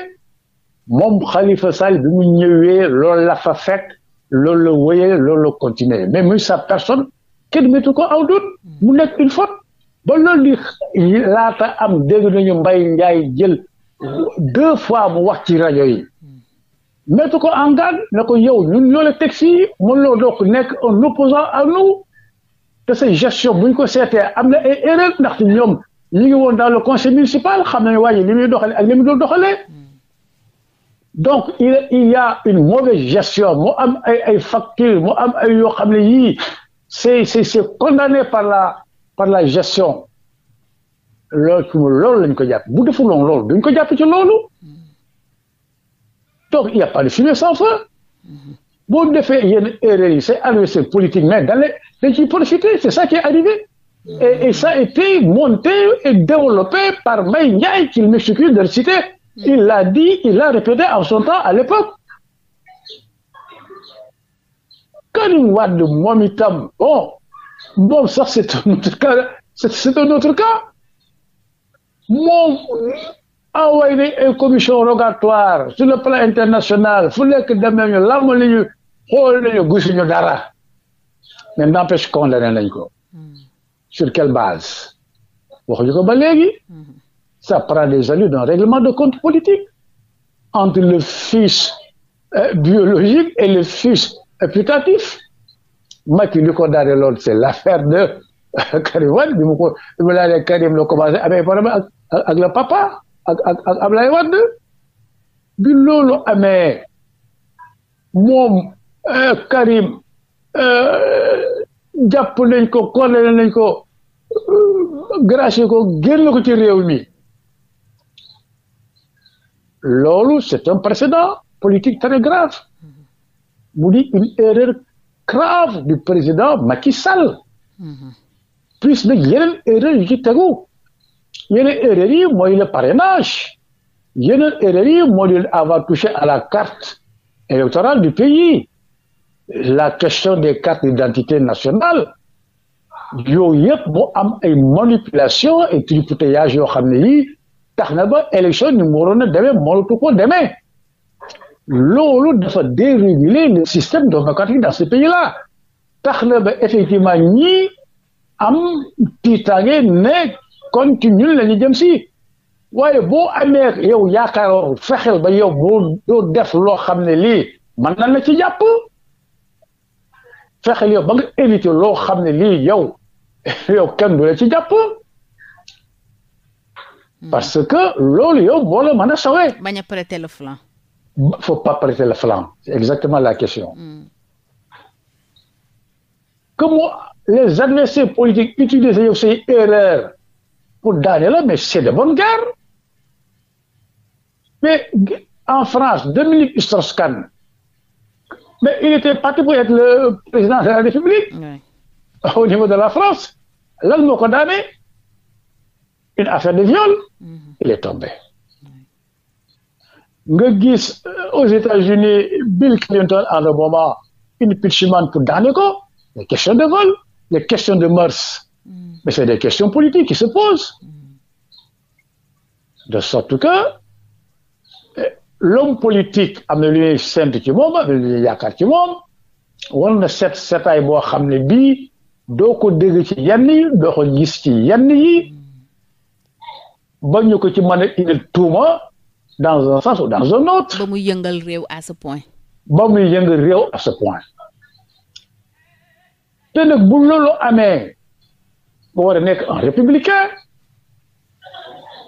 moom Khalifa Sall bi mu ñëwee loolu la fa fekk loolu la wéyee loolu la continuer mais muy sa personne kenn métu ko aw doon mu nekk une faute ba loolu di laata am dégg nañu Mbaye Ndiaye jël deux fois mu wax ci rajo yi mettre ko en garde ne ko yow ñun ñoo la teg fii mënuloo donc nekk un opposant à nous te sa gestion bu ñu ko seetee am na ay erreur ndaxte ñoom ñu ngi woon dans le conseil municipal xam nañu waa ji li muy doxalee ak li mu dul doxalee donc il y une mauvaise gestion mu am ay ay factures mu am ay yoo xam ne yii c'est c'est c'est condamné par la la gestion loolu loolu lañ ko jàpp bu defuloon loolu duñ ko jàpp ci loolu. donc il n'y a pas de fumée sans feu boo defee yenn erreur ne c'est adversaire politique mais dans les dañ ciy profiter c'est ça qui est arrivé mhm. et et a été monté et développé par Mbaye Ndiaye qu'il m'excuse de le citer mhm. il l'a dit il l'a répété en son temps à l'époque Karim Wade moom itam bon moom c'est un autre cas c'est envoyé nañ ay commission rogatoire sur le plan international fu nekk dem la lam nañu xool nañu gisuñu dara mais n'empêche condamné nañ ko hmm. sur quelle base waxuñu ko ba léegi hmm. ça prend des allures d'un règlement de compte politique entre le fils euh, biologique et le fils putatif Macky li ko daane loolu c'est l'affaire de euh, Karim Wade bi mu ko bi ak le papa ak ak ak Ablaye Wade bi loolu amee moom euh, Karim euh, jàpp nañ ko condamné nañ ko euh, gracié ko génn ko ci réew mi loolu c'est un précédent politique très grave mu di une erreur grave du président Macky Sall mm-hmm. plus nag erreur yu ci tegu yeneen erreur mooy le parrainage yeneen erreur yi moo di touché à la carte électorale du pays la question des cartes d'identité nationale yooyu yëpp mu am ay manipulation et tripotillage yoo xam ne yi tax na ba élection ni mu waroon a demee mënatu ko demee loolu dafa déréguler le système démocratique dans ce pays-là tax na ba effectivement ñi am tiitaange ne kon ci ñun jëm si waaye boo amee yow yaakaar fexeel ba yow boo def loo xam ne lii mën na la ci jàpp fexeel yow ba nga éviter loo xam ne lii yow yow kenn la ci jàpp hmm. parce que loolu yow boo la mën a sawee. bañ a prêter le faut pas prêter le flanc c'est exactement la question. comment les adversaires politiques utilisent yow say erreurs. pour daane la mais c'est de bonne guerre mais en France Dominique Strauss-Kahn mais il était parti pour être le président de la République au niveau de la France lan moo ko daane une affaire de viol mm -hmm. il est tombé nga euh, aux États-Unis Bill Clinton en le moment une impeachment pour daane ko les questions de vol les questions de mœurs Mm. Mais c'est des question politiques qui se posent. Mm. De sorte que eh, l'homme politique am na lu ñuy séntu ci moom am na lu ñuy yaakaar ci moom war na set setaay boo xam ne bii doo ko dégg ci yenn yi doo ko gis ci yenn yi ba ñu ko ci mën a indil tuuma dans un sens ou dans un autre. ba muy yëngal réew à ce point. ba muy réew à ce te nag bu loolu amee. nga war nekk un républicain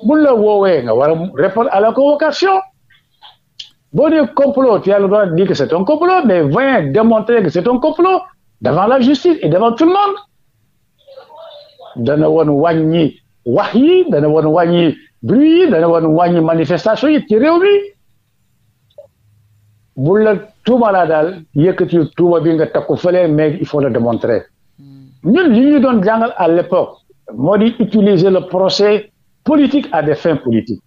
bu la woowee nga war a répondre à la convocation boo complot tu as le de dire que c'est un complot mais viens démontrer que c'est un complot devant la justice et devant tout le monde dana woon wàññi wax yi dana woon wàññi bruit yi dana woon wàññi manifestation yi ci réew mi bu la tuuma laa daal yëkkati tuuma bi nga takku fële mais il faut le démontrer ñun li ñu doon jàngal à l'époque moo di utiliser le procès politique à des fins politiques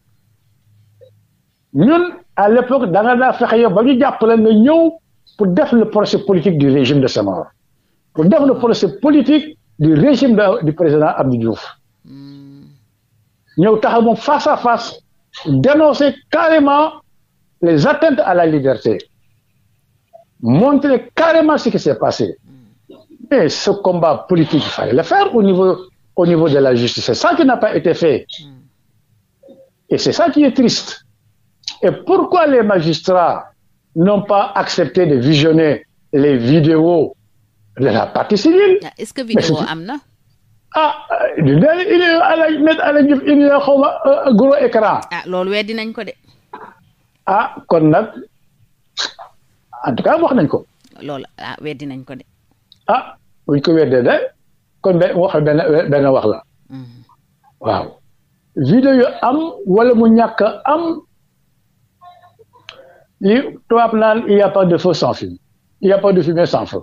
ñun à l'époque da nga daa fexe yow ba ñu jàppale nga ñëw pour def le procès politique du régime de Senghor pour def le procès politique du régime de, du président Abdou Diouf ñëw taxaw moom face à face dénoncer carrément les atteintes à la liberté montrer carrément ce qui s'est passé Et ce combat politique, il fallait le faire au niveau, au de la justice. C'est ça qui n'a pas été fait. Mm. Et c'est ça qui est triste. Et pourquoi les magistrats n'ont pas accepté de visionner les vidéos de la partie civile ah, Est-ce que vidéo amna ah euh, il est euh, euh, ah loolu weddi ko de. ah kon nag en tout cas wax nañ ko. loolu ah weddi nañ ko de. ah buñ ko weddee de kon benn wax benn benn wax la mm-hmm. waaw vidéo yu am wala mu ñàkk am li tubaab naan il y a pas de feu sans fumée il y a pas de fumée sans feu.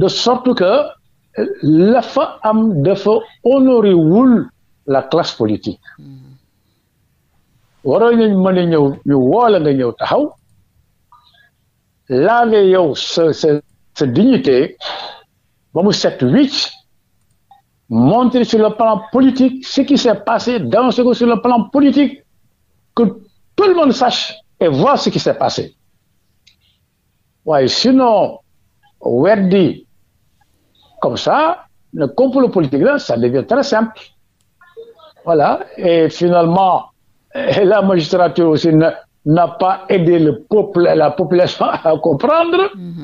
de fumée mm-hmm. que la am dafa honoré la classe politique mm-hmm. waroon nañ mën ñëw ñu woo nga ñëw taxaw. laale yow sa sa sa dignité ba mu set wicc montrer sur le plan politique ce qui s'est passé dans ce sur le plan politique que tout le monde sache et voit ce qui s'est passé sinon weddi comme ça le complot politique là ça devient très simple voilà et finalement la magistrature aussi n'a pas aidé le la population à comprendre mmh.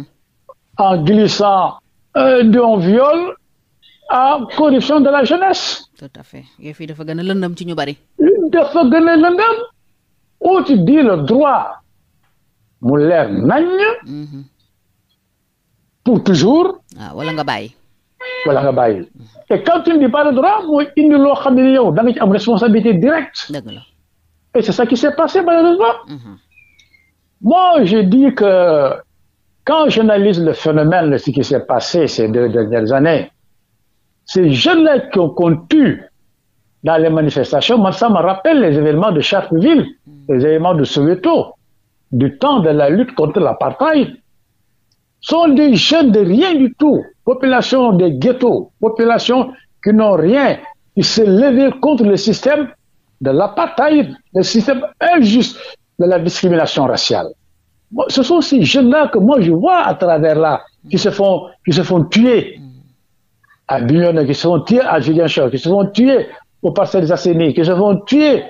en glissant euh, d'un viol à corruption de la jeunesse. tout à fait yëf yi dafa gën a lëndam ci ñu bari. dafa gën a lëndam. où tu dis le droit mu leer naññ. Mm-hmm. pour toujours. Ah, wala nga bàyyi. wala nga bàyyi. Mm-hmm. et quand tu ne dis pas le droit mooy indi loo xam ne yow da ci am responsabilité directe. dëgg Et c'est ça qui s'est passé malheureusement. Mmh. Moi, je que quand j'analyse le phénomène de ce qui s'est passé ces deux dernières années, ces jeunes-là qu'on qu tue dans les manifestations, moi, ça me rappelle les événements de Charteville, mhm. les événements de Soweto, du temps de la lutte contre l'apartheid. sont des jeunes de rien du tout, population des ghettos, population qui n'ont rien, qui se levaient contre le système de l'apartheid, le système injuste de la discrimination raciale. Ce sont ces jeunes-là que je vois à travers là, qui se font, qui se font tuer à Bignone, qui se font tuer à Julien Chor, qui se font tuer aux parcelles Asseni, qui se font tuer,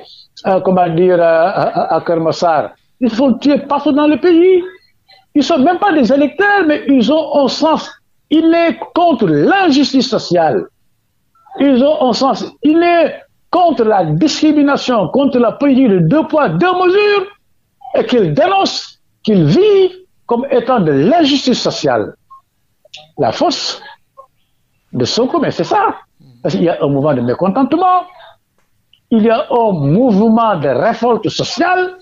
à, euh, comment dire, euh, à, à, à sont même pas des électeurs, mais ils ont un sens. Il est contre l'injustice sociale. Ils ont un sens. Il contre la discrimination, contre la politique de deux poids, deux mesures, et qu'ils dénoncent, qu'ils vivent comme étant de l'injustice sociale. La force de Sonko, mais c'est ça. Parce qu'il y a un mouvement de mécontentement, il y a un mouvement de révolte sociale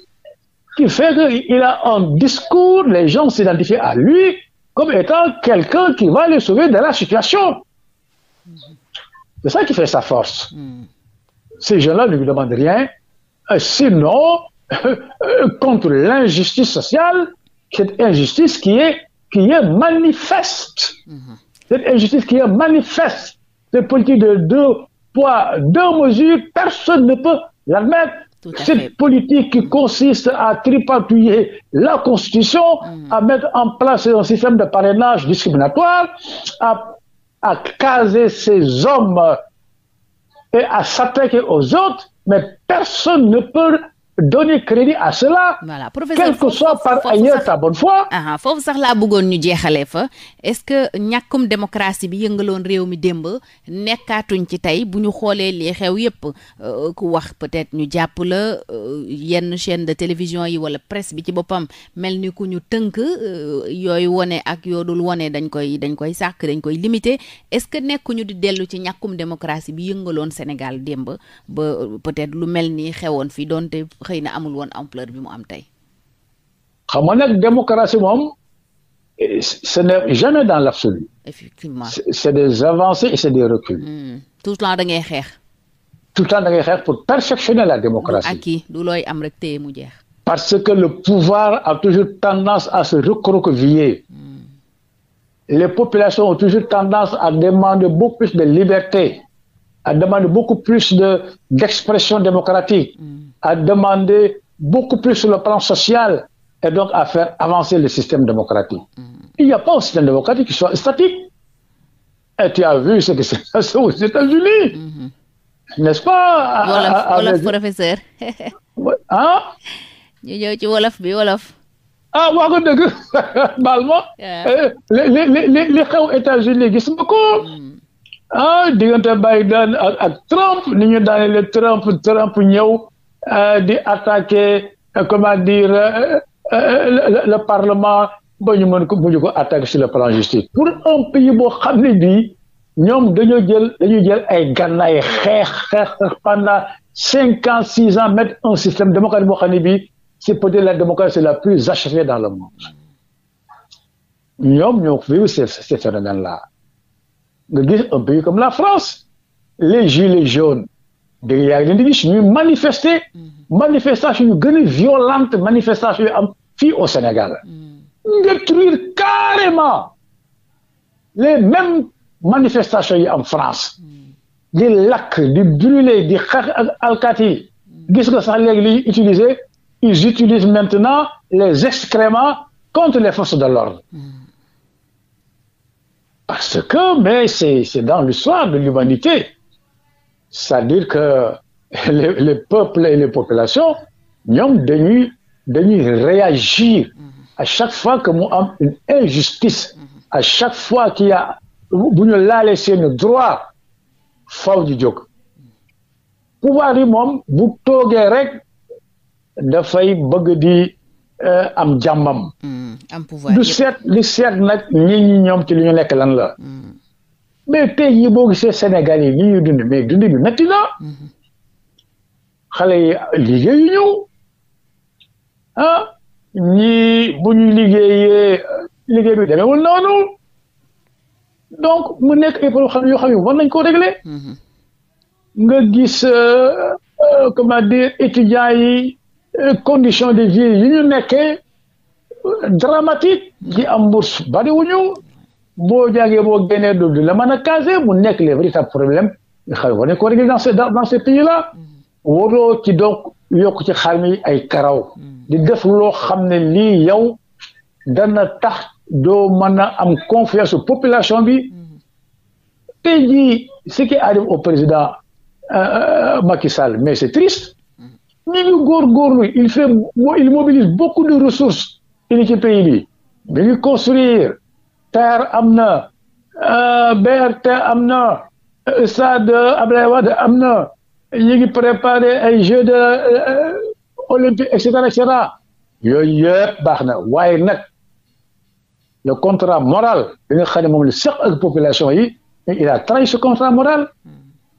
qui fait qu'il a un discours, les gens s'identifient à lui comme étant quelqu'un qui va les sauver de la situation. C'est ça qui fait sa force. Mm. ces gens-là ne lui demandent rien, euh, sinon euh, euh, contre l'injustice sociale, cette injustice qui est, qui est manifeste. Mmh. Cette injustice qui est politique de deux poids, deux mesures, personne ne peut l'admettre. Cette politique qui consiste à tripatouiller la Constitution, mhm. à mettre en place un système de parrainage discriminatoire, à, à caser ces hommes et à s'attaquer aux autres, mais personne ne peut donner crédit à cela. voilà professeur quel que soit par foofu sax laa bëggoon ñu jeexalee fa est-ce que ñàkkum démocratie bi yëngaloon réew mi démb nekkaatuñ ci tey bu ñu xoolee lii xew yépp euh, ku wax peut-être ñu jàpp la euh, yenn chaîne de télévision yi wala presse bi ci boppam mel ni ku ñu tënk euh, yooyu wone ak yoodul wone dañ koy dañ koy sàkk dañ koy limité est-ce que nekkuñu di dellu ci ñàkkum démocratie bi yëngaloon Sénégal démb ba peut lu mel ni xewoon fi doonte. xëy na amul woon ampleur bi mu am tey. xam nga nag démocratie moom ce n'est jamais dans l'absolu. effectivement c'est des avancées et c'est des reculs. Hmm. tout le temps da xeex. tout le temps da pour perfectionner la démocratie. ak du looy am rek mu jeex. parce que le pouvoir a toujours tendance à se recroqueviller. Hmm. les populations ont toujours tendance à demander beaucoup plus de liberté. a demandé beaucoup plus de d'expression démocratique, mm. a demandé beaucoup plus sur le plan social et donc à faire avancer le système démocratique. Mm. Il n'y a pas un système démocratique qui soit statique. Et tu as vu ce qui s'est aux États-Unis. Mm-hmm. N'est-ce pas? wolof wolof professeur. ah. Eh, États-Unis gis ah diggante bàyyi daan ak Trump ni ñu daanelee Trump Trump ñëw ah, di attaquer ah, comment dire ah, le parlement ba ñu ko bu ñu ko attaquer sur le plan justice pour un pays boo xam ne bii ñoom dañoo jël dañu jël ay gànnaay xeex xeex pendant cinq ans six ans mettre un système démocratique boo xam ne bii c'est peut-être la démocratie la plus achevée dans le monde ñoom ñoo vivre ce phénomène là nga comme la France les gilets jaunes da yaa ngi leen di gis ñuy manifester mm-hmm. manifestation yu gën am fii au Sénégal mm-hmm. détruire carrément les mêmes manifestations yi am France mm-hmm. di lakk di brûler di xeex ak alkaati yi gis nga sax léegi li utiliser ils utilisent maintenant les excréments contre les forces de l'ordre Parce que, mais c'est dans l'histoire de l'humanité. C'est-à-dire que les, les, peuples et les populations, nous avons dû, réagir à chaque fois que nous avons une injustice, à chaque fois qu'il y a, nous laissé nos droits, faw di jóg pouvoir yi moom bu toogee rek dafay bëgg di Euh, am jàmbam hmm, am pouvoir du seet li seet nag ñii ñi ñoom ci li ñu nekk lan la. Hmm. mais tey yi boo gisee Sénégal yi ñi ñuy mais dund bi métti hmm. xale yi liggéeyu ñëw ah bu ñu liggéeyee liggéey bi demeewul noonu donc mu nekk ay problème xam yoo xam ne war nañ koo régler nga gis euh, euh, comment dire étudiants yi condition de vie yi ñu nekkee dramatique di am bourse bariwuñu boo jàngee boo génnee du du la mën a casé mu nekk les véritables problèmes nga xam ne war nañ ko régler dans ce dans ce pays là mm-hmm. waroo ci donc yokk ci xar mi ay karaw mm-hmm. di def loo xam ne lii yow dana tax doo mën a am confiance population bi mm-hmm. tey jii ce qui arrive au président euh, euh, Macky Sall mais c'est triste nañu góorgóorlu il fait il mobilise beaucoup de ressources ini ci pays bi mi ngi construire TER am na euh, BRT am na euh, stade Abdoulaye am na ñu ngi préparer ay jeux de euh, olympique et cetera et cetera yooyu yëpp baax na waaye nag le contrat moral bi nga xam ne moom la population yi il a trahi ce contrat moral hmm.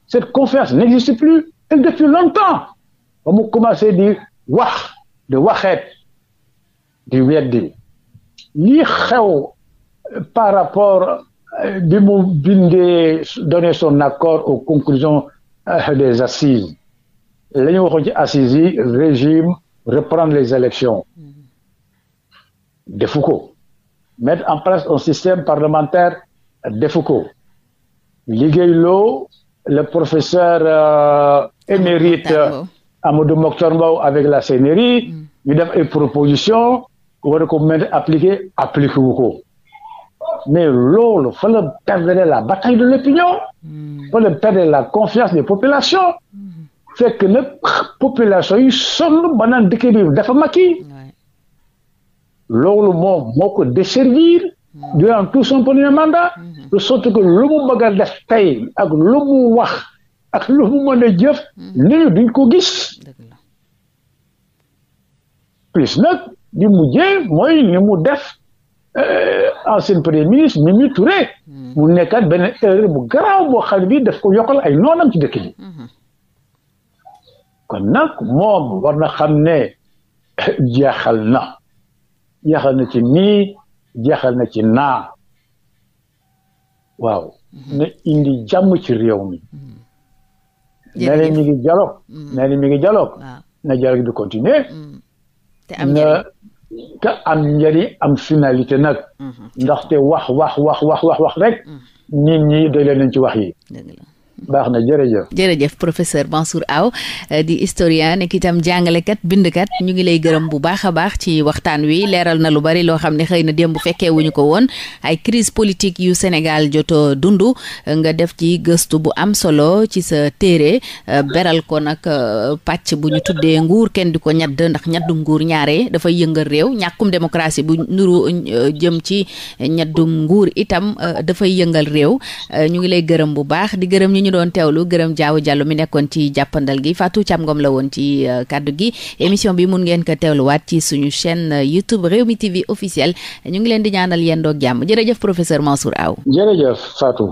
cette confiance n'existe plus et depuis longtemps ba mu commencé di wax di waxeet di weddi lii xew par rapport euh, bi mu bindee donné son accord aux conclusions euh, des assises la ñu ci assises yi régime reprendre les élections defu ko mettre en place un système parlementaire defu ko liggéeyloo le professeur euh, émérite Amadou Mokhtar Mbow avec la CNRI mm. ñu def ay proposition war a ko mën a appliquer appliqué wu ko mais loolu fa la perdre la bataille de l'opinion mm. fa la perdre la confiance des populations mm. fekk nag population yi sonn ba naan dëkk bi dafa makki loolu moom moo ko desservir durant tout son premier mandat mm-hmm. de sorte que lu mu bëgg a def tey ak lu mu wax ak lu mu mën a hmm. duñ ko gis plus nag di mujjee mooy ni mu def euh, ancien premier ministre Mimi hmm. mu nekkaat benn erreur bu garaaw boo xam ne bi daf ko yokkal ay noonam ci dëkk bi hmm. kon nag moom war na xam ne jeexal na jeexal na ci nii jeexal na ci naa waaw na indi jàmm ci réew mi nee leen mi ngi dialogue mm. nee leen mi ngi dialogue na dialogue bi continuer mm. te am na te am njëriñ am finalité nag mm-hmm. ndaxte wax wax wax wax wax wax rek mm. nit ñi doy leen nañ ci wax yi baax na jërëjëf. jërëjëf professeur Mansour Aw eh, di historien nekk itam jàngalekat bindkat ñu ngi lay gërëm bu baax a baax ci waxtaan wi leeral na lu bari loo xam ne xëy na démb fekkee wuñu ko woon ay crise politique yu senegal joto dund nga def ci gëstu bu am solo ci sa téere eh, beral ko nag eh, pàcc bu ñu tuddee nguur kenn di ko ñadd ndax ñaddu nguur ñaare dafay yëngal réew ñàkkum démocratie bu nuru jëm ci ñaddum nguur itam dafay yëngal réew ñu ngi lay gërëm doon teewlu gërëm jaaw jàllu mi nekkoon ci jàppandal gi Fatou Thiam Ngom la woon ci euh, kàddu gi émission bi mun ngeen ko teewluwaat ci suñu chaîne euh, YouTube Rewmi TV officiel ñu ngi leen di ñaanal yendoo jàmm jërëjëf professeur Mansour Aw jërëjëf Fatou